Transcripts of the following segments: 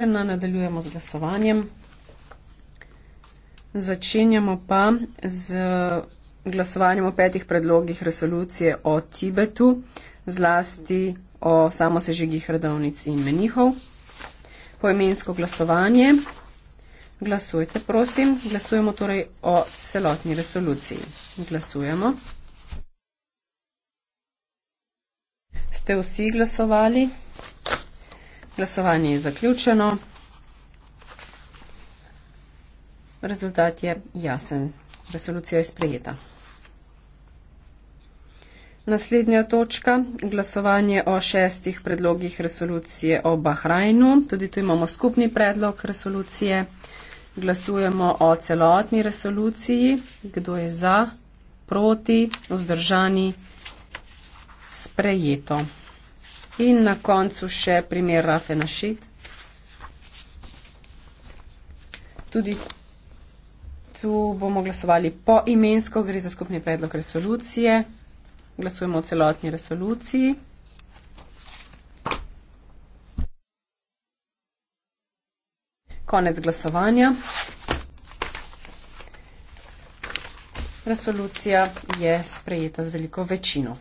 Prena nadaljujemo z glasovanjem. Začenjamo pa z glasovanjem o petih predlogih resolucije o Tibetu, zlasti o samosežigih redovnic in menihov. Poimensko glasovanje. Glasujte, prosim. Glasujemo torej o celotni resoluciji. Glasujemo. Ste vsi glasovali? Glasovanje je zaključeno. Rezultat je jasen. Resolucija je sprejeta. Naslednja točka, glasovanje o šestih predlogih resolucije o Bahrajnu. Tudi tu imamo skupni predlog resolucije. Glasujemo o celotni resoluciji. Kdo je za, proti, vzdržani, sprejeto. In na koncu še primer Rafe Našit. Tudi tu bomo glasovali po imensko, gre za skupni predlog resolucije. Glasujemo o celotni resoluciji. Konec glasovanja. Resolucija je sprejeta z veliko večino.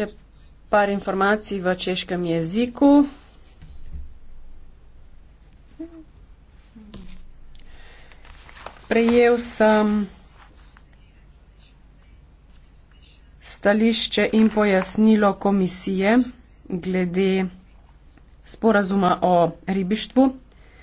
še par informacij v češkem jeziku. Prejel sem stališče in pojasnilo komisije glede sporazuma o ribištvu.